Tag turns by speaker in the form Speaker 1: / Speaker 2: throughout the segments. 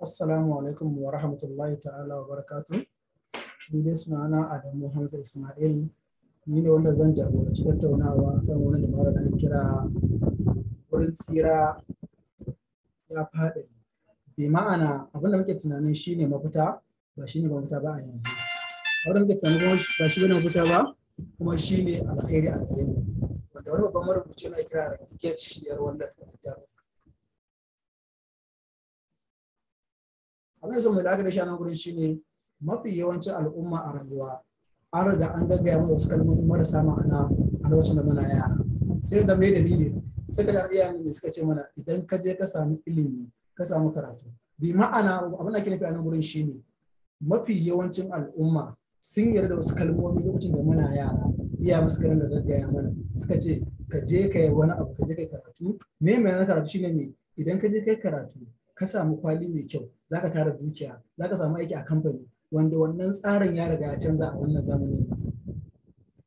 Speaker 1: Assalamu alaikum wa rahmatullahi ta'ala wa barakatu. Ni dai sunana Adamu Hamza Ismail. Ni ne wanda zan jagoranci tattaunawa kan wani dabara da kira wurin tsira ya faɗi. Bi ma'ana abinda muke tunanin shi ne mafita ba shi ne mafita ba a yanzu. Abinda muke tunanin ba shi ne mafita ba kuma shi ne alkhairi a tsaye. Wanda wani babban marubuci na kira da shi ya wanda ta abin da mu da shi a nan gurin ne mafi yawancin al'umma a rayuwa an riga an gaggaya mu wasu kalmomi marasa ma'ana a lokacin da muna yara sai da mai dalili sai da iya ne suka ce mana idan ka je ka samu ilimi ka samu karatu bi ma'ana abin da ke nufi a nan gurin ne mafi yawancin al'umma sun yarda da wasu kalmomi lokacin da muna yara iya musu karin da gaggaya mana suka ce ka je ka yi wani abu ka je ka karatu me mai karatu shine ne idan ka je kai karatu ka samu kwali mai kyau za ka tara dukiya za ka samu aiki a kamfani wanda wannan tsarin ya riga ya canza a wannan zamani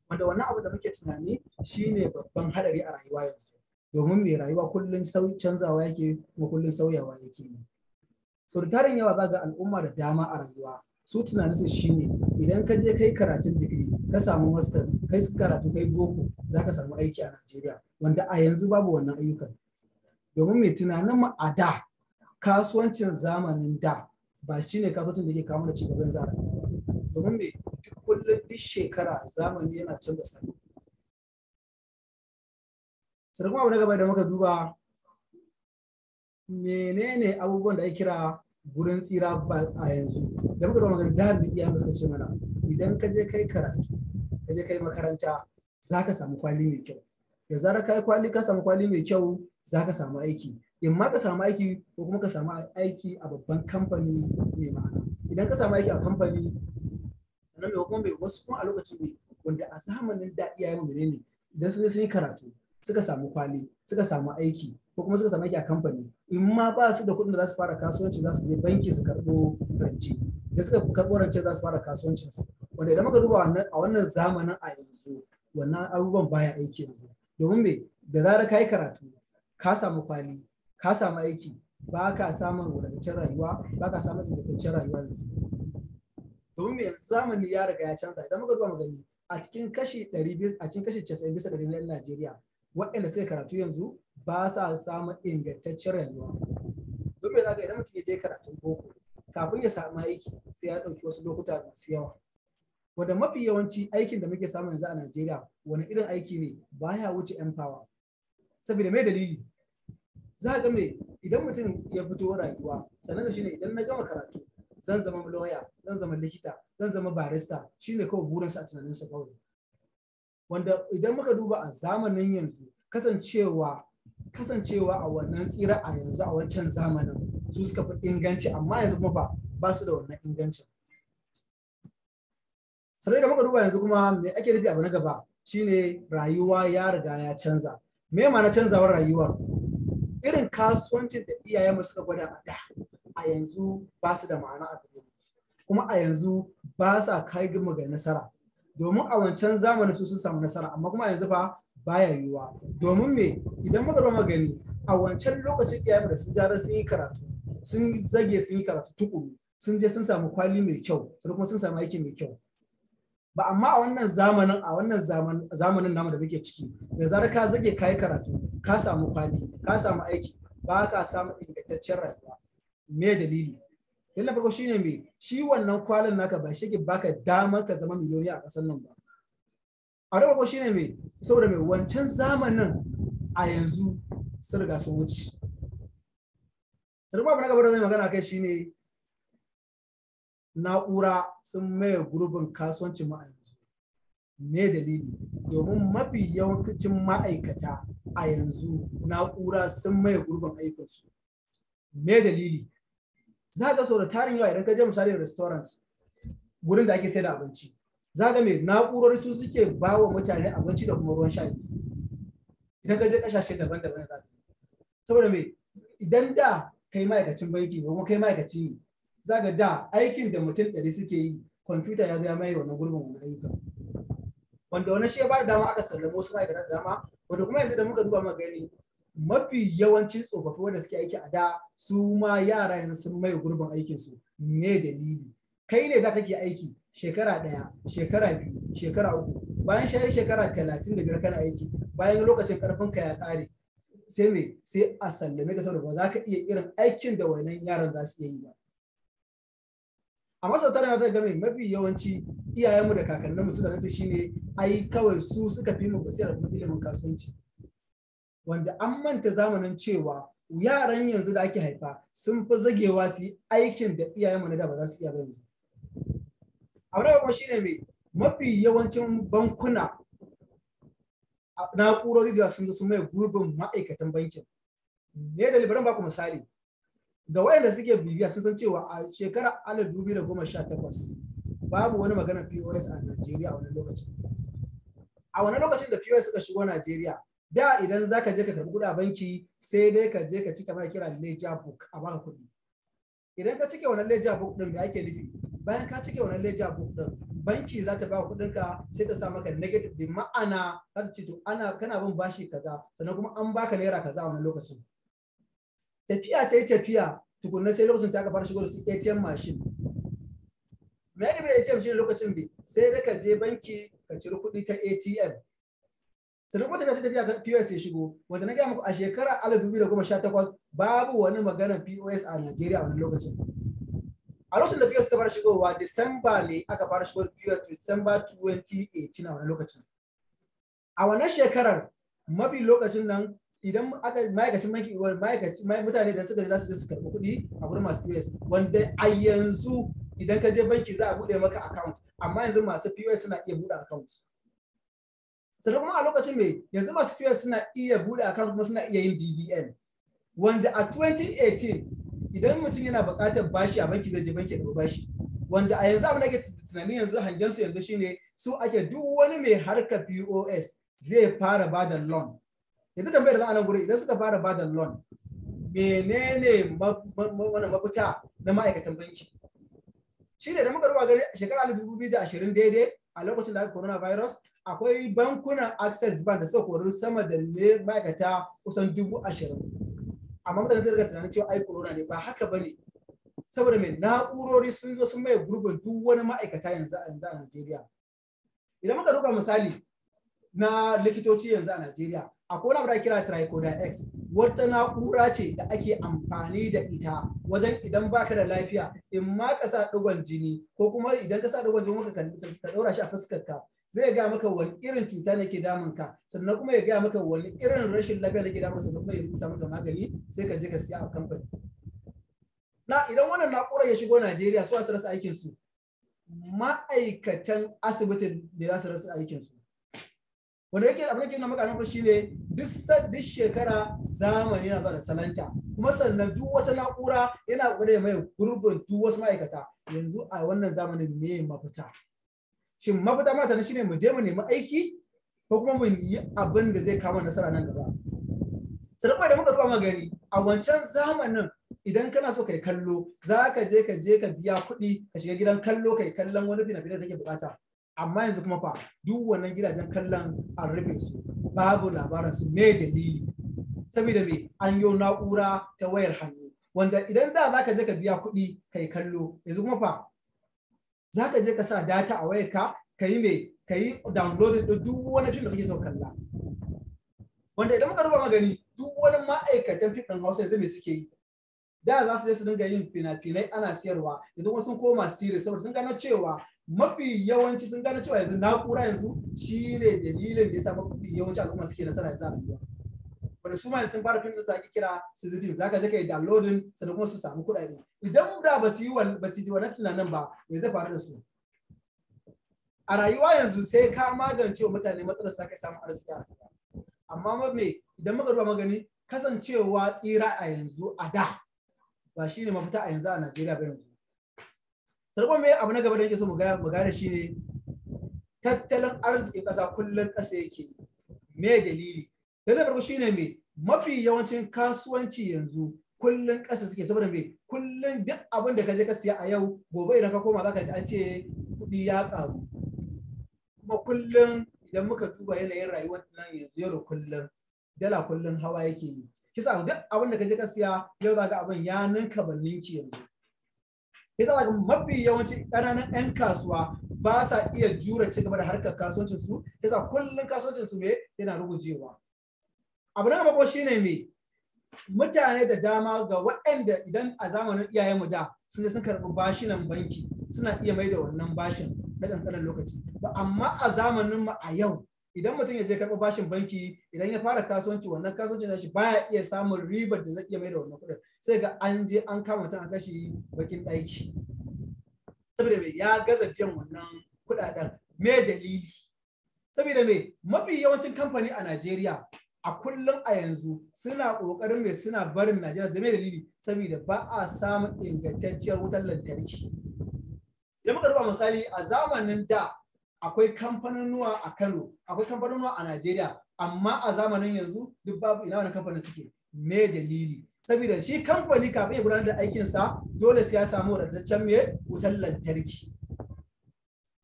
Speaker 1: wanda wannan abu da muke tunani shine babban hadari a rayuwa yanzu domin mai rayuwa kullum sau canzawa yake kuma kullum sauyawa yake yi so tarin yawa za ga al'umma da dama a rayuwa su tunanin su shine idan ka je kai karatun digiri ka samu masters kai karatu kai boko za ka samu aiki a Najeriya wanda a yanzu babu wannan ayyukan domin mai tunanin mu a da kasuwancin zamanin da ba shi ne kasuwancin da ke kawo da cigaban zamani domin me duk kullum duk shekara zamani yana canza sani sai kuma abu na gaba da muka duba menene abubuwan da ake kira gurin tsira a yanzu da muka magana da mu iya muka ce mana idan ka je kai karatu ka je kai makaranta za ka samu kwali mai kyau da zarar kai kwali ka samu kwali mai kyau za ka samu aiki in ma ka samu aiki ko kuma ka samu aiki a babban kamfani mai ma'ana idan ka samu aiki a kamfani sannan mai kuma mai wasu kuma a lokacin ne wanda a zamanin da yi mu ne idan sun sun yi karatu suka samu kwali suka samu aiki ko kuma suka samu aiki a kamfani in ma ba su da kuɗin da za su fara kasuwanci za su je banki su karɓo rance da suka karɓo rance za su fara kasuwancin su wanda idan muka duba a wannan zamanin a yanzu wannan abubuwan baya aiki yanzu domin me da zarar ka yi karatu ka samu kwali ka samu aiki ba ka samun wadataccen rayuwa ba ka samun ingantaccen rayuwa yanzu domin me zamani ya riga ya canza idan muka zuwa mu a cikin kashi 100 a cikin kashi 90 bisa 100 na Najeriya waɗanda suka karatu yanzu ba sa samun ingantaccen rayuwa domin zaka idan mutum ya je karatun boko kafin ya samu aiki sai ya ɗauki wasu lokuta masu yawa wanda mafi yawanci aikin da muke samun yanzu a Najeriya wani irin aiki ne baya wuce 'yan fawa. saboda mai dalili za ga me idan mutum ya fito rayuwa sannan shine idan na gama karatu zan zama lawyer zan zama likita zan zama barista shine kawai burinsa a tunaninsa kawai wanda idan muka duba a zamanin yanzu kasancewa kasancewa a wannan tsira a yanzu a wancan zamanin su suka fi inganci amma yanzu kuma ba su da wannan ingancin sannan da muka duba yanzu kuma me ake nufi abu na gaba shine rayuwa ya riga ya canza me ma na canzawar rayuwar irin kasuwancin da iyayenmu suka gwada a da a yanzu ba su da ma'ana a gare kuma a yanzu ba sa kai mu ga nasara domin a wancan zamanin su sun samu nasara amma kuma yanzu fa baya yiwuwa domin me idan muka roma gani a wancan lokacin iyayenmu da sun jarar sun yi karatu sun zage sun yi karatu tukuru sun je sun samu kwali mai kyau sun kuma sun samu aiki mai kyau ba amma a wannan zamanin a wannan zamanin namu da muke ciki da zarar ka zage kai karatu ka samu kwali ka samu aiki ba ka samu ingantaccen rayuwa me dalili dalilin farko shine me shi wannan kwalin naka ba shi baka damar ka zama miliyoni a ƙasar nan ba a da farko shine me saboda me wancan zamanin a yanzu sun riga sun wuce sanarwa abu na gaba da zai magana kai shine na'ura sun maye gurbin kasuwancin ma'aikata me dalili domin mafi yawancin ma'aikata a yanzu na'ura sun maye gurbin aikinsu me dalili za ka so da tarin yawa idan ka je misali restaurant wurin da ake sai da abinci za ka mai na'urori su suke ba wa mutane abinci da kuma ruwan sha yanzu idan ka je kasashe daban-daban za ka saboda me idan da kai ma'aikacin banki ko kuma kai ma'aikaci ne za ka da aikin da mutum ɗari suke yi kwamfuta ya zama mai wannan gurbin wani ayyuka wanda wani shi ya ba dama aka sallama wasu ma'aikata da dama wanda kuma yanzu da muka duba muka mafi yawancin tsofaffi wanda suke aiki a da su ma yara yanzu sun mai gurbin aikin su ne dalili kai ne za ka ke aiki shekara daya shekara biyu shekara uku bayan shayi shekara talatin da biyar kana aiki bayan lokacin karfin ka ya ƙare sai me sai a sallame ka saboda ba za ka iya irin aikin da wannan yaran za su iya yi ba a masauta da zai game mafi yawanci iyayenmu da kakanninmu suka rasa shine ai kawai su suka fi mu basira kuma ilimin kasuwanci wanda an manta zamanin cewa yaran yanzu da ake haifa sun fi zagewa su yi aikin da iyayenmu na da ba za su iya ba yanzu abu shi shine mai mafi yawancin bankuna na'urori da sun zo sun mai gurbin ma'aikatan bankin ne da libaran baku misali ga wayanda suke bibiya sun san cewa a shekara 2018 da goma babu wani magana POS a Najeriya a wani lokacin. A wani lokacin da POS suka shigo Najeriya, da idan za ka je ka karbi kuɗa banki sai dai ka je ka cika mai kira leja book a baka kuɗi. Idan ka cike wannan leja book ɗin da ake nufi, bayan ka cike wannan leja book din banki za ta baka kuɗin ka sai ta sa maka negative din ma'ana za ce to ana kana bin bashi kaza sannan kuma an baka naira kaza a wani lokacin. tafiya ta yi tafiya tukunna sai lokacin sai aka fara shigo da su ATM machine me bai ATM shine lokacin bi sai da ka je banki ka ciri kuɗi ta ATM sannan kuma tafiya ta tafiya kan POS ya shigo wanda na gaya muku a shekara alif dubu da goma sha takwas babu wani maganar POS a Najeriya a wani lokacin a lokacin da POS ka fara shigowa Disamba ne aka fara shigo POS to Disamba 2018 a wani lokacin a wannan shekarar mafi lokacin nan idan aka ma'aikacin banki ma'aikacin mutane da suka za su je su karɓi kuɗi a wurin masu POS wanda a yanzu idan ka je banki za a buɗe maka account amma yanzu masu POS suna iya buɗe account sannan kuma a lokacin mai yanzu masu POS suna iya buɗe account kuma suna iya yin BBN wanda a 2018 idan mutum yana buƙatar bashi a banki zai je banki da bashi wanda a yanzu abin da ake tunanin yanzu hangen su yanzu shine su ake duk wani mai harkar POS zai fara ba da loan yanzu tambayar da anan guri idan suka fara bada loan menene wannan mafita na ma'aikatan banki shi ne da muka ruwa gani a shekarar dubu biyu da ashirin daidai a lokacin da aka virus akwai bankunan access bank da suka kori sama da ma'aikata kusan dubu ashirin amma mutane sai daga tunanin cewa ai corona ne ba haka bane saboda mai na'urori sun zo sun maye gurbin duk wani ma'aikata yanzu a yanzu a Najeriya idan muka ruka misali na likitoci yanzu a Najeriya akwai wani da kira trichoda x wata na'ura ce da ake amfani da ita wajen idan baka da lafiya in ma ka sa digon jini ko kuma idan ka sa digon jini ka daura shi a fuskar ka zai ga maka wani irin cuta ne ke damun ka sannan kuma ya ga maka wani irin rashin lafiya ne ke damun sannan kuma ya rubuta maka magani sai ka je ka siya a kamfani na idan wannan na'urar ya shigo Najeriya su su rasa aikin su ma'aikatan asibitin da za su rasa aikin su wanda yake abin da ke maka nufin shine duk duk shekara zamani yana zuwa da salanta kuma sannan duk wata na'ura yana kokarin mai gurbin duk wasu ma'aikata yanzu a wannan zamanin me mafita shin mafita mata shine mu je mu nemi aiki ko kuma mu yi abin da zai kama nasara nan gaba kuma da muka zuwa magani a wancan zamanin idan kana so kai kallo za ka je ka je ka biya kuɗi ka shiga gidan kallo kai kallon wani fina finai da kake bukata amma yanzu kuma fa duk wannan gidajen kallon an rufe su babu labarin su me dalili saboda me an yi na'ura ta wayar hannu wanda idan da zaka je ka biya kuɗi kai kallo yanzu kuma fa zaka je ka sa data a wayar ka yi me ka yi downloading duk wani fim da kake so kalla wanda idan muka ruba magani duk wani ma'aikatan fim ɗin hausa yanzu me suke yi da za su je su dinga yin fina-finai ana siyarwa yanzu kuma sun koma sirri saboda sun gano cewa mafi yawanci sun gano cewa yanzu na'ura yanzu shi ne dalilin da ya sa mafi yawanci al'umma suke nasara yanzu a rayuwa wanda su ma sun fara fim sa ake kira su zubi za ka je ka yi downloading sannan kuma su samu kuɗaɗe idan da ba su yi ba su yi wannan tunanin ba me zai faru da su a rayuwa yanzu sai ka magance wa mutane matsalar sa ka samu arziki a rayuwa amma me idan muka duba magani kasancewa tsira a yanzu a da ba shine mafita a yanzu a Najeriya ba yanzu sarkon mai abu na gaba da yake so mu shi ne tattalin arzikin ƙasa kullum ƙasa yake me dalili dalilin farko ne me mafi yawancin kasuwanci yanzu kullum ƙasa suke saboda mai kullum duk abin da ka je ka siya a yau gobe idan ka koma za ka ji an ce kuɗi ya ƙaru kuma kullum idan muka duba yanayin rayuwar nan yanzu yau da kullum dala kullum hawa yake yi kisa duk abin da ka je ka siya yau za abin ya ninka ban ninki yanzu kisa ga mafi yawanci ƙananan 'yan kasuwa ba sa iya jura ci gaba da harkar kasuwancin su yasa kullun kasuwancin su me yana rugujewa abu na gaba shine me mutane da dama ga waɗanda idan a zamanin iyayen mu da sun sun karɓi nan banki suna iya mai da wannan bashin na ƙanƙanin lokaci ba amma a zamanin mu a yau idan mutum ya je karɓo bashin banki idan ya fara kasuwanci wannan kasuwanci na shi baya iya samun ribar da zai iya mai da wannan kuɗin sai ga an je an kama mutum a kashi bakin ɗaki saboda me ya gaza biyan wannan kuɗaɗen me dalili saboda me mafi yawancin kamfani a Najeriya a kullum a yanzu suna ƙoƙarin mai suna barin Najeriya da me dalili saboda ba a samun ingantacciyar wutar lantarki. Idan muka ruba misali a zamanin da akwai kamfanonuwa a Kano akwai kamfanonuwa a Najeriya amma a zamanin yanzu duk babu ina wani kamfanin suke me dalili saboda shi kamfani kafin ya gudanar da aikin sa dole sai ya samu wadataccen me wutar lantarki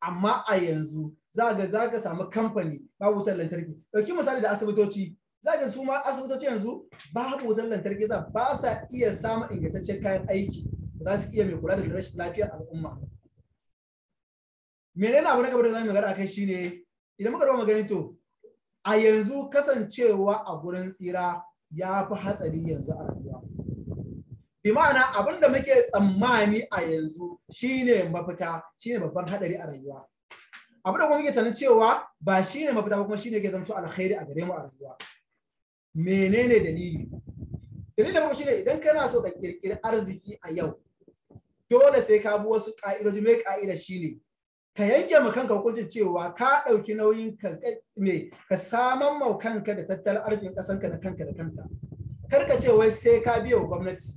Speaker 1: amma a yanzu za ga za ka samu kamfani babu wutar lantarki ɗauki misali da asibitoci za ga su ma asibitoci yanzu babu wutar lantarki za ba sa iya samun ingantaccen kayan aiki za su iya mai kula da rashin lafiyar al'umma menene abu na gaba da zamu magana akai shine idan muka dawo magani to a yanzu kasancewa a gurin tsira ya fi hatsari yanzu a rayuwa bi ma'ana abin da muke tsammani a yanzu shine mafita shine babban hadari a rayuwa abu da kuma muke tunanin cewa ba shine mafita ba kuma shine ke zamto alkhairi a gare mu a rayuwa menene dalili dalili da shine idan kana so ka kirkiri arziki a yau dole sai ka bi wasu ka'idoji mai ka'ida shine ka yanke ma kanka hukuncin cewa ka ɗauki nauyin ka me ka saman ma kanka da tattalin arzikin ƙasanka da kanka da kanka kar ka ce wai sai ka biya wa gwamnati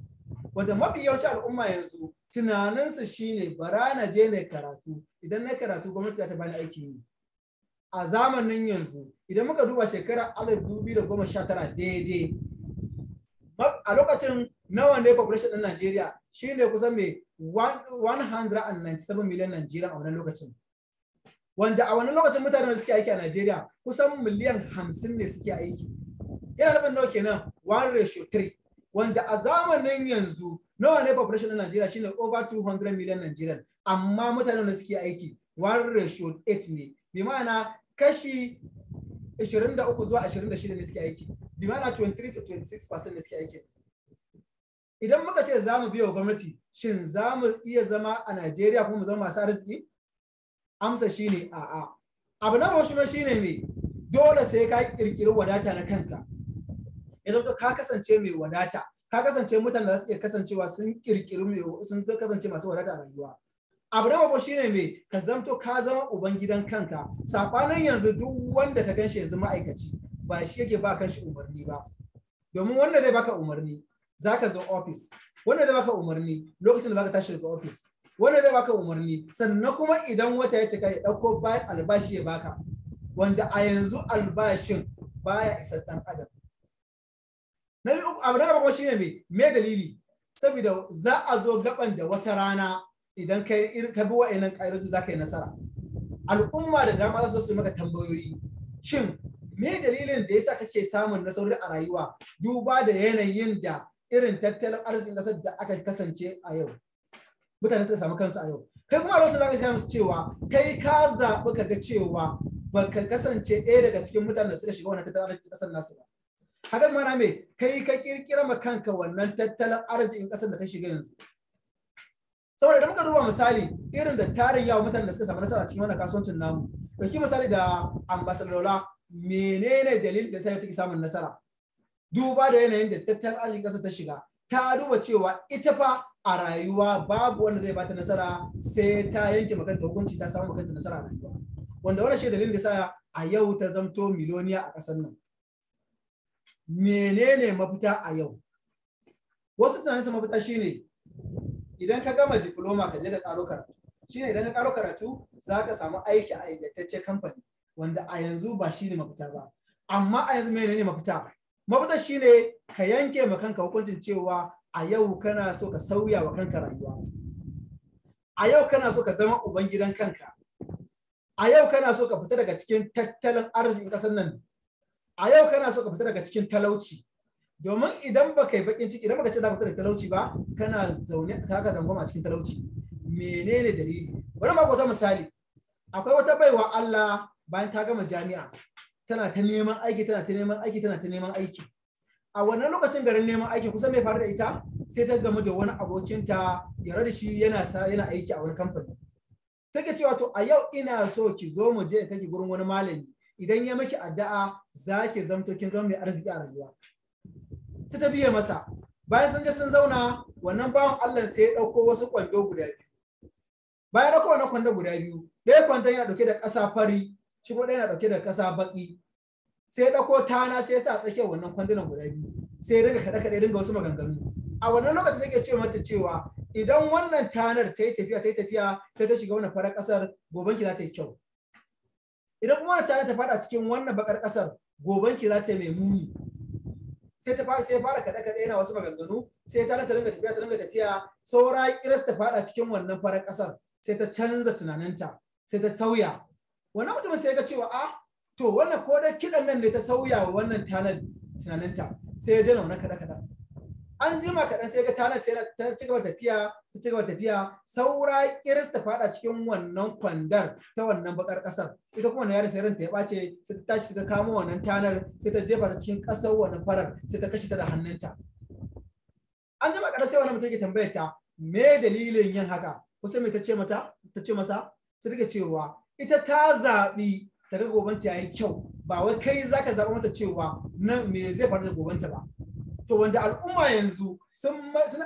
Speaker 1: wanda mafi yawanci al'umma yanzu tunaninsu shine bara na je na karatu idan na karatu gwamnati za ta bani aiki ne. a zamanin yanzu idan muka duba shekarar alif dubu da goma sha tara daidai a lokacin nawa ne population ɗin Najeriya shine kusan mai 197 miliyan Najeriya a wannan lokacin wanda a wannan lokacin mutanen suke aiki a Najeriya kusan miliyan 50 ne suke aiki yana nufin nawa kenan one ratio three. wanda a zamanin yanzu nawa ne population ɗin Najeriya shine over 200 million Nigerian amma mutanen da suke aiki one ratio eight ne bi ma'ana kashi 23 zuwa 26 ne suke aiki bi ma'ana 23 to 26 percent ne suke aiki idan muka ce za mu biya wa gwamnati shin za mu iya zama a najeriya kuma mu zama masu arziki amsa shine a'a abu na shi shine me dole sai ka kirkiri wadata na kanka idan ka kasance mai wadata ka kasance mutane da su iya kasancewa sun kirkiri mai sun kasance masu wadata a rayuwa abu na shi shine me ka zamto ka zama uban gidan kanka sabanin yanzu duk wanda ka ganshi yanzu ma'aikaci ba shi yake ba kanshi umarni ba domin wanda zai baka umarni zaka zo office wanda zai baka umarni lokacin da zaka tashi daga office wanda zai baka umarni sannan kuma idan wata ya cika ya dauko bayan albashi ya baka wanda a yanzu albashin baya isa ɗan adam na uku abu na gaba shine me me dalili saboda za a zo gaban da wata rana idan kai ka bi wa'annan ƙa'idoji za ka yi nasara al'umma da dama za su maka tambayoyi shin me dalilin da yasa kake samun nasarori a rayuwa duba da yanayin da irin tattalin arzikin kasar da aka kasance a yau mutane suka samu kansu a yau kai kuma a lokacin da aka shiga musu cewa kai ka zaɓi ka ga cewa ba ka kasance ɗaya daga cikin mutanen da suka shiga wannan tattalin arzikin kasar nasu ba hakan mana me kai ka kirkira ma kanka wannan tattalin arzikin kasar da ka shiga yanzu saboda idan muka duba misali irin da tarin yawa mutanen da suka samu nasara cikin wannan kasuwancin namu ɗauki misali da ambasadola menene dalilin da sai ta samun nasara duba da yanayin da tattalin arzikin ƙasa ta shiga ta duba cewa ita fa a rayuwa babu wanda zai bata nasara sai ta yanke makanta hukunci ta samu makanta nasara a rayuwa wanda wannan shi dalilin da sa a yau ta zamto miliyoniya a kasar nan menene mafita a yau wasu tunanin mafita shine idan ka gama diploma ka je ka karo karatu shine idan ka karo karatu za ka samu aiki a ingantacce kamfani wanda a yanzu ba shine mafita ba amma a yanzu menene mafita mafita ne ka yanke ma kanka hukuncin cewa a yau kana so ka sauya wa kanka rayuwa a yau kana so ka zama uban gidan kanka a yau kana so ka fita daga cikin tattalin arzikin ƙasar nan a yau kana so ka fita daga cikin talauci domin idan ba ka yi bakin ciki idan baka ce za ka fita daga talauci ba kana zaune ka ka dangwama a cikin talauci menene dalili bari ma ku misali akwai wata baiwa Allah bayan ta gama jami'a tana ta neman aiki tana ta neman aiki tana ta neman aiki a wannan lokacin garin neman aiki kusan mai faru da ita sai ta gamu da wani abokinta yare da shi yana yana aiki a wani kamfani take cewa to a yau ina so ki zo mu je ta kake gurin wani malami idan ya maki addu'a za ki zamto kin zama mai arziki a rayuwa sai ta biye masa bayan sun je sun zauna wannan bawan Allah sai ya dauko wasu kwando guda biyu bayan dauko wannan kwando guda biyu dai kwandon yana dauke da kasa fari shi kuma ɗaya na ɗauke da ƙasa baƙi sai ɗauko tana sai sa tsakiyar wannan kwandunan guda biyu sai riga kaɗe kaɗe dinga wasu maganganu a wannan lokacin sai ke ce mata cewa idan wannan tanar ta yi tafiya ta yi tafiya ta ta shiga wannan farar ƙasar gobanki za ta yi kyau idan kuma wannan tanar ta faɗa cikin wannan baƙar ƙasar gobanki za ta yi mai muni sai ta fara sai fara kaɗe kaɗe yana wasu maganganu sai ta ta dinga tafiya ta dinga tafiya saura irasta ta faɗa cikin wannan farar ƙasar sai ta canza tunaninta sai ta sauya wannan mutumin sai ga cewa a ah, to wannan ko da kidan nan ne ta sauya wa wannan tanar tunaninta sai ya jana wani kada kada an jima kaɗan sai ga tanar sai ta ci gaba tafiya ta ci gaba tafiya saura kiris ta faɗa cikin wannan kwandar ta wannan bakar ƙasar ita kuma wannan yaron sai ranta ya ɓace sai ta tashi ta kamo wannan tanar sai ta jefa ta cikin ƙasar wannan farar sai ta kashe ta da hannunta an jima kaɗan sai wannan mutum ke tambayar ta me dalilin yin haka kusa me ta ce mata ta ce masa sai take cewa ita ta zaɓi ta ga gobanta yi kyau ba wai kai za ka zaɓi mata cewa nan me zai faru da gobanta ba to wanda al'umma yanzu sun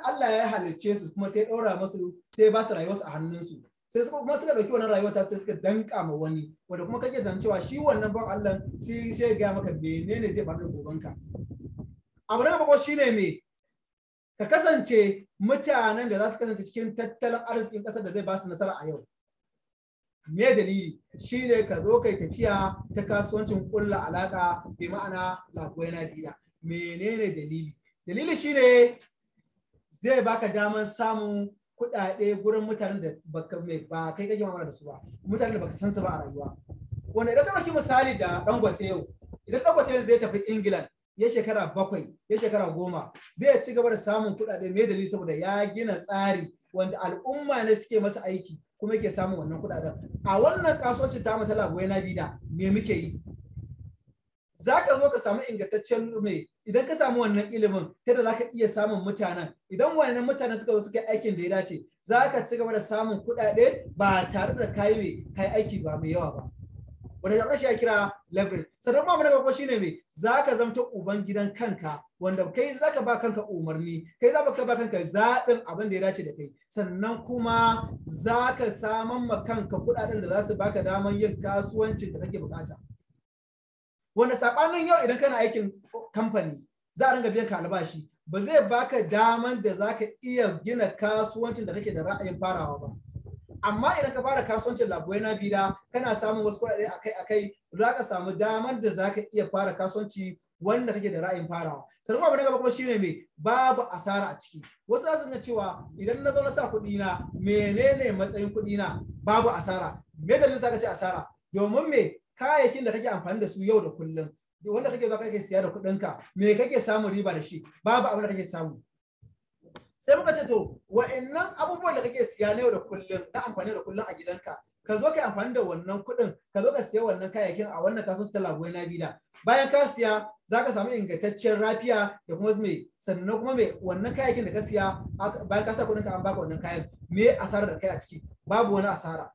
Speaker 1: Allah ya halicce su kuma sai ɗora masu sai ba su rayuwarsu a hannunsu sai su kuma suka dauki wannan rayuwar ta sai suka danka ma wani wanda kuma kake zan cewa shi wannan ban Allah sai sai ga maka menene zai faru da gobanka abu na bako shine me ka kasance mutanen da za su kasance cikin tattalin arzikin kasar da zai ba su nasara a yau me dalili shine ka zo kai tafiya ta kasuwancin kulla alaka bi ma'ana lagoyana bila menene dalili dalili shine zai baka daman samun kuɗaɗe gurin mutanen da baka mai ba kai kake mamara da su ba mutanen da baka san su ba a rayuwa wanda idan ka ɗauki misali da dangote yau idan dangote yau zai tafi england ya shekara bakwai ya shekara goma zai ci gaba da samun kuɗaɗe mai dalili saboda ya gina tsari wanda al'umma ne suke masa aiki kuma yake samun wannan kudaden a wannan kasuwancin tamu ta labuwai na bida me muke yi za ka zo ka samu ingantaccen mai idan ka samu wannan ilimin ta da za ka iya samun mutanen idan wannan mutanen suka zo suka aikin da ya dace za ka ci gaba da samun kudade ba tare da kayi mai kai aiki ba mai yawa ba wanda da shi ya kira leverage sannan kuma na farko shine me zaka zamta uban gidan kanka wanda kai zaka ba kanka umarni kai za ka ba kanka zaɓin abin da ya dace da kai sannan kuma zaka saman ma kanka kuɗaɗen da za su baka daman yin kasuwancin da kake bukata wanda sabanin yau idan kana aikin kamfani za a ringa biyan ka albashi ba zai baka daman da zaka iya gina kasuwancin da kake da ra'ayin farawa ba amma idan ka fara kasuwancin labuwai na bida kana samun wasu kuɗaɗe akai akai za ka samu damar da za ka iya fara kasuwanci wanda kake da ra'ayin farawa sannan abu na gaba kuma shine me babu asara a ciki wasu za su ga cewa idan na zo na sa kuɗi na menene matsayin kuɗi na babu asara me da za ka ce asara domin me kayayyakin da kake amfani da su yau da kullum wanda kake zo kake siya da kuɗinka me kake samun riba da shi babu abin da kake samu sai muka ce to wa'annan abubuwan da kake siya na yau da kullum na amfani da kullum a gidanka ka zo ka amfani da wannan kuɗin ka zo ka siya wannan kayayyakin a wannan kasuwanci ta lagoyi na bida bayan ka siya za ka samu ingantaccen rafiya da kuma mai sannan kuma mai wannan kayayyakin da ka siya bayan ka sa kuɗin ka an baka wannan kayan me asara da kai a ciki babu wani asara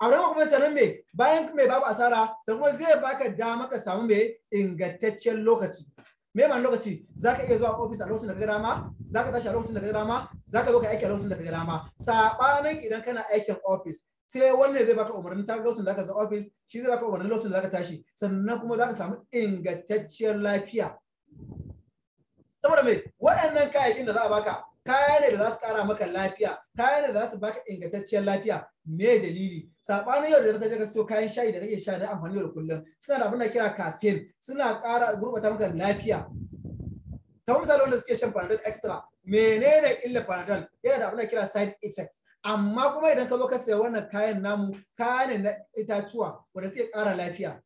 Speaker 1: Abraham kuma sanan me bayan mai babu asara sannan kuma zai baka dama ka samu mai ingantaccen lokaci me ma lokaci zaka iya zuwa office a lokacin da ka za zaka tashi a lokacin da ka za zaka zo ka aiki a lokacin da ka dama sabanin idan kana aikin ofis, sai wannan zai baka umarnin tar lokacin da zaka zo office shi zai baka umarnin lokacin da zaka tashi sannan kuma zaka samu ingantacciyar lafiya saboda me waɗannan kayayyakin da za a baka kaya ne da za su kara maka lafiya kaya ne da za su baka ingantacciyar lafiya me dalili sabanin yau da ta je ka siyo kayan shayi da kake sha na amfani yau da kullum suna da abin kira caffeine suna ƙara gurbata maka lafiya ta wani misali wanda suke shan panadol extra menene illa panadol yana da abin kira side effect amma kuma idan ka zo ka sayi wannan kayan namu kayan na itatuwa wanda suke ƙara lafiya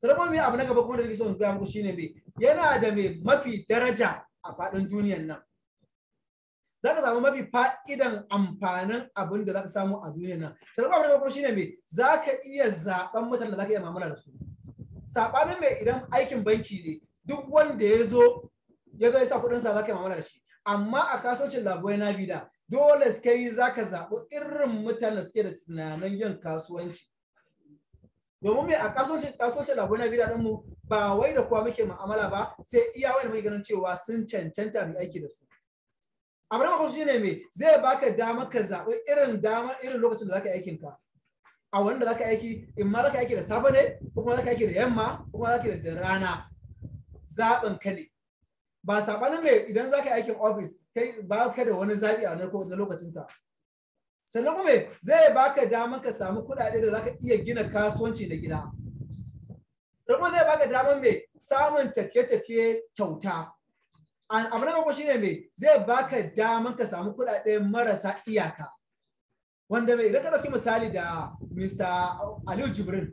Speaker 1: sanarwar mai abu na gaba kuma da nake so in gaya muku shine me yana da mai mafi daraja a faɗin duniyar nan za ka samu mafi fa'idan amfanin abin da za ka samu a duniya nan sannan abin da farko shine me za ka iya zaɓen mutanen da za ka iya mamala da su saɓanin mai idan aikin banki ne duk wanda ya zo ya zo ya sa kuɗinsa za ka yi mamala da shi amma a kasuwancin labuwai na bida dole kai za ka zaɓi irin mutane da suke da tunanin yin kasuwanci domin mai a kasuwancin kasuwancin labuwai na bida ɗinmu ba wai da kuwa muke ma'amala ba sai iya wani muke ganin cewa sun cancanta mai aiki da su abin mako shi ne me zai baka dama ka zaɓi irin dama irin lokacin da zaka yi aikin ka a wanda zaka aiki in ma zaka aiki da safe ne ko kuma zaka aiki da yamma ko kuma zaka aiki da rana zaɓin ka ne ba saɓanin mai idan zaka yi aikin office kai ba ka da wani zaɓi a na lokacin ka sannan kuma zai baka dama ka samu kuɗaɗe da zaka iya gina kasuwanci na gida sannan zai baka dama mai samun tafiye-tafiye kyauta abu na shine me zai baka daman ka samu kudade marasa iyaka wanda mai idan ka ɗauki misali da Mr. Aliyu Jibrin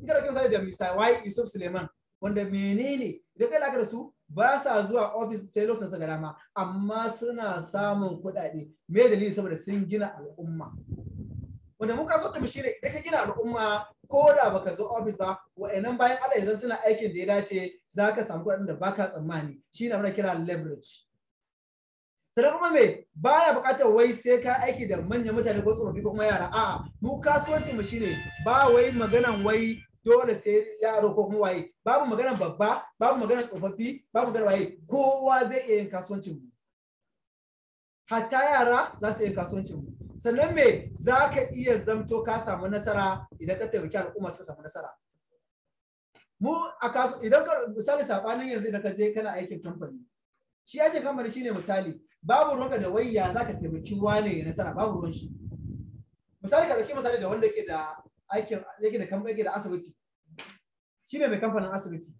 Speaker 1: in ka ɗauki misali da Mr. Y e Yusuf Suleiman wanda menene idan ka laka da su ba sa zuwa ofis sai lokacin sa dama amma suna samun kudade me dalili saboda sun gina al'umma wanda muka so tafi shine idan ka gina al'umma ko da baka zo ofis ba wa'annan bayan Allah yanzu suna aikin da ya dace za ka samu kuɗaɗen da baka tsammani shi na kira leverage sannan kuma me baya bukatar wai sai ka aiki da manyan mutane ko tsofaffi ko kuma yara a'a mu kasuwanci mu shine ba wai maganan wai dole sai yaro ko kuma waye babu maganan babba babu maganan tsofaffi babu maganar waye kowa zai iya yin kasuwancin mu hatta yara za su iya kasuwancin mu sannan me za ka iya zamto ka samu nasara idan ka taimaki al'umma suka samu nasara mu a kasu idan ka misali sabanin yanzu idan ka je kana aikin kamfani shi aikin kamfani shine misali babu ruwanka da wayya za ka taimaki wane ya nasara babu ruwan shi misali ka ɗauki misali da wanda yake da aikin yake da kamfani yake da asibiti shine mai kamfanin asibiti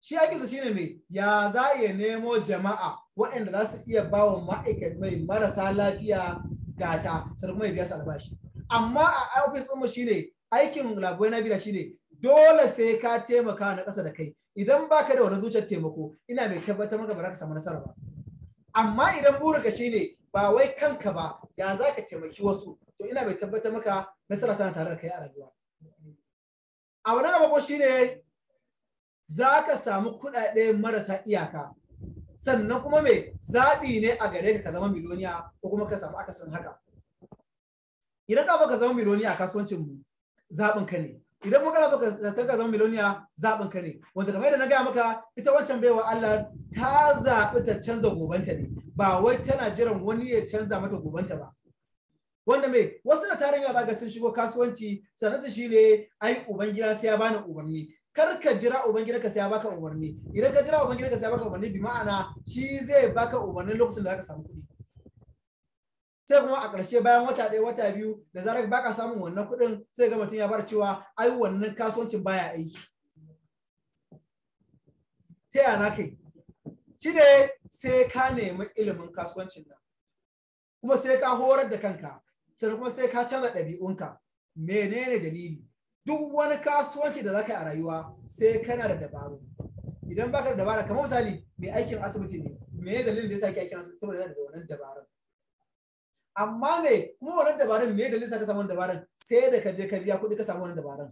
Speaker 1: shi aikinsa shine mai ya za ya nemo jama'a waɗanda za su iya ba wa mai marasa lafiya gata sannan kuma ya biya su albashi amma a ofis ɗinmu shine aikin labuwai na bila shine dole sai ka taimaka na ƙasa da kai idan baka da wani zuciyar taimako ina mai tabbatar maka ba za ka samu nasara ba amma idan burinka shine ba wai kanka ba ya za ka taimaki wasu to ina mai tabbatar maka nasara tana tare da kai a rayuwa a wani gaba ko shine za ka samu kuɗaɗe marasa iyaka sannan kuma mai zaɓi ne a gare ka ka zama miloniya ko kuma ka samu akasin haka idan ka baka zama miloniya a kasuwancin mu zaɓin ka ne idan kuma gana ka zama miloniya zaɓin ka ne wanda kamar yadda na gaya maka ita wancan baiwa Allah ta zaɓi ta canza gobanta ne ba wai tana jiran wani ya canza mata gobanta ba wanda mai wasu na tarin yara ga sun shigo kasuwanci sannan su shi ne ai uban gida sai ya bani umarni kar ka jira ubangidanka sai ya baka umarni idan ka jira ubangidanka sai ya baka umarni bi ma'ana shi zai baka umarni lokacin da zaka samu kuɗi sai kuma a ƙarshe bayan wata ɗaya wata biyu da zarar baka samun wannan kuɗin sai ga mutum ya bar cewa ai wannan kasuwancin baya aiki ta yana kai shi ne sai ka nemi ilimin kasuwancin nan kuma sai ka horar da kanka sannan kuma sai ka canza ɗabi'unka menene dalili duk wani kasuwanci da zaka yi a rayuwa sai kana da dabaru idan baka da dabara kamar misali mai aikin asibiti ne me dalilin da yasa ke aikin asibiti saboda yana da wannan dabarun amma me kuma wannan dabarun me dalilin sa ka samu wannan dabarun sai da ka je ka biya kuɗi ka samu wannan dabarun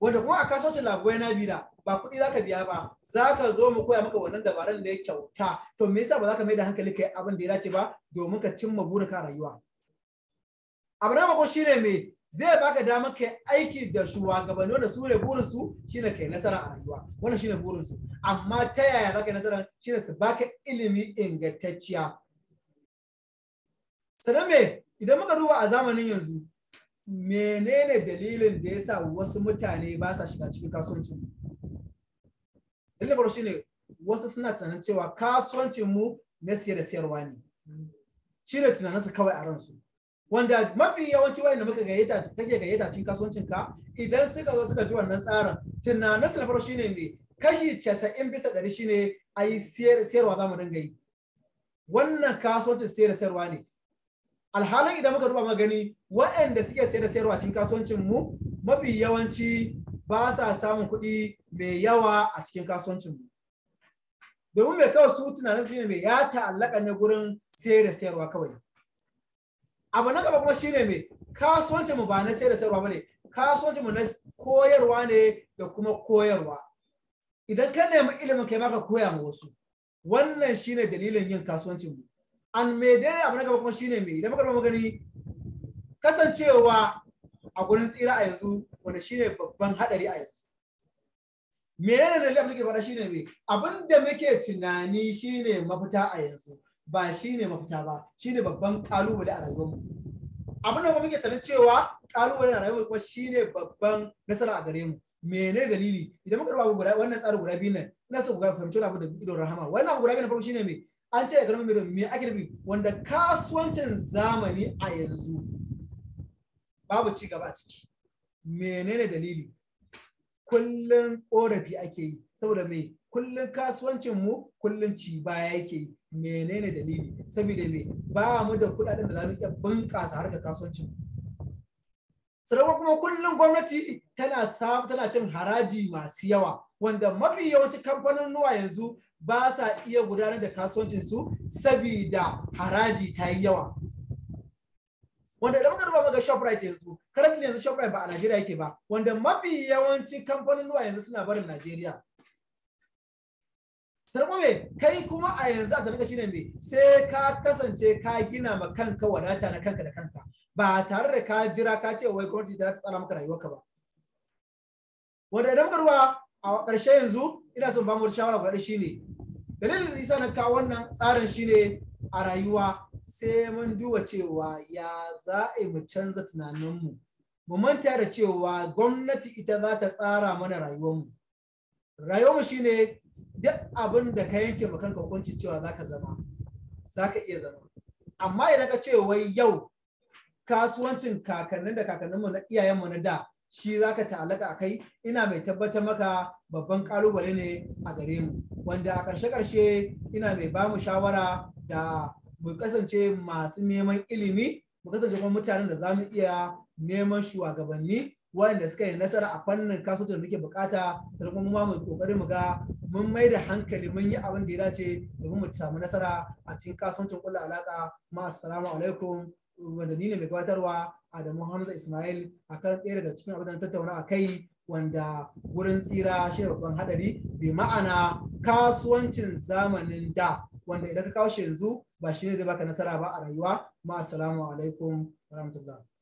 Speaker 1: wanda kuma a kasuwancin labuwai na bida ba kuɗi zaka biya ba zaka zo mu koya maka wannan dabarun ya kyauta to me yasa ba zaka mai da hankali kai abin da ya dace ba domin ka cimma burin ka rayuwa abu na mako shine me zai baka damar kai aiki da shugabanni wanda su ne burinsu shine kai nasara a rayuwa wannan shine burinsu amma ta yaya za ka yi nasara shine su baka ilimi ingantacciya sannan me idan muka duba a zamanin yanzu menene dalilin da ya sa wasu mutane ba sa shiga cikin kasuwanci dalilin shine wasu suna tunanin cewa kasuwancin mu na siya da siyarwa ne shine tunaninsu kawai a ransu wanda mafi yawanci wayanda muka gayyata kake gayyata cin kasuwancin ka idan suka zo suka ji wannan tsarin tunanin su na farko shine me kashi 90 bisa 100 shine ayi siyarwa za mu dinga yi wannan kasuwancin sayar sayarwa ne alhalin idan muka duba magani waɗanda suke sayar da sayarwa cikin kasuwancin mu mafi yawanci ba sa samun kuɗi mai yawa a cikin kasuwancin mu domin mai kawai su tunanin su ne mai ya ta'allaka ne gurin sayar da sayarwa kawai abu na gaba kuma shine me kasuwanci mu ba na sai da sayarwa bane kasuwanci mu na koyarwa ne da kuma koyarwa idan ka nemi ilimin kai maka koya ma wasu wannan shine dalilin yin kasuwancin mu an me dai abu na gaba kuma shine me idan muka gama gani kasancewa a gurin tsira a yanzu wanda shine babban hadari a yanzu menene dalilin da ke faɗa shine me abin da muke tunani shine mafita a yanzu ba shi ne mafita ba shi ne babban kalubale a rayuwarmu abin da muke tsanin cewa kalubale a rayuwarmu kuma shi ne babban nasara a gare mu mene dalili idan muka rubuta guda wannan tsarin guda biyu nan ina so ku ga fahimci wani abu da idon rahama wannan abu guda biyu na farko shine me an ce ga freedom me ake nufi wanda kasuwancin zamani a yanzu babu ci gaba a ciki menene dalili kullum korafi ake yi saboda me kullun kasuwancin mu kullun ci baya yake menene dalili saboda me ba mu da kudaden da za mu iya bunƙasa harkar kasuwancin sanarwa kuma kullum gwamnati tana tana cin haraji masu yawa wanda mafi yawancin kamfanin nuwa yanzu ba sa iya gudanar da kasuwancinsu sabida haraji ta yi yawa wanda idan muka duba ga shoprite yanzu karantin yanzu shoprite ba a najeriya yake ba wanda mafi yawanci kamfanin nuwa yanzu suna barin najeriya sannan kai kuma a yanzu a tanaka shine me sai ka kasance ka gina ma kanka wadata na kanka da kanka ba tare da ka jira ka ce wai gwamnati za ta tsara maka rayuwarka ba wanda idan ruwa a ƙarshe yanzu ina son bamu shawara guda shine dalilin da isa na kawo wannan tsarin shine a rayuwa sai mun duba cewa ya za a mu canza tunaninmu mu manta da cewa gwamnati ita za ta tsara mana rayuwarmu rayuwarmu shine duk abin da ka yanke ma kanka hukunci cewa zaka zama zaka iya zama amma idan ka ce wai yau kasuwancin kakannin da kakanninmu na iyayenmu na da shi zaka ta'allaka kai? ina mai tabbatar maka babban kalubale ne a gare mu wanda a ƙarshe ƙarshe ina mai ba mu shawara da mu kasance masu neman ilimi mu kasance kuma mutanen da za mu iya neman shugabanni wanda suka yi nasara a fannin kasuwanci da muke bukata sannan kuma mu kokari mu ga mun mai da hankali mun yi abin da ya dace domin mu samu nasara a cikin kasuwancin kulla alaka ma assalamu alaikum wanda ni ne mai gabatarwa Adamu Hamza Ismail akan ɗaya daga cikin abin da tattauna a kai wanda wurin tsira shi babban hadari bi ma'ana kasuwancin zamanin da wanda idan ka kawo shi yanzu ba shi ne zai baka nasara ba a rayuwa ma assalamu alaikum warahmatullahi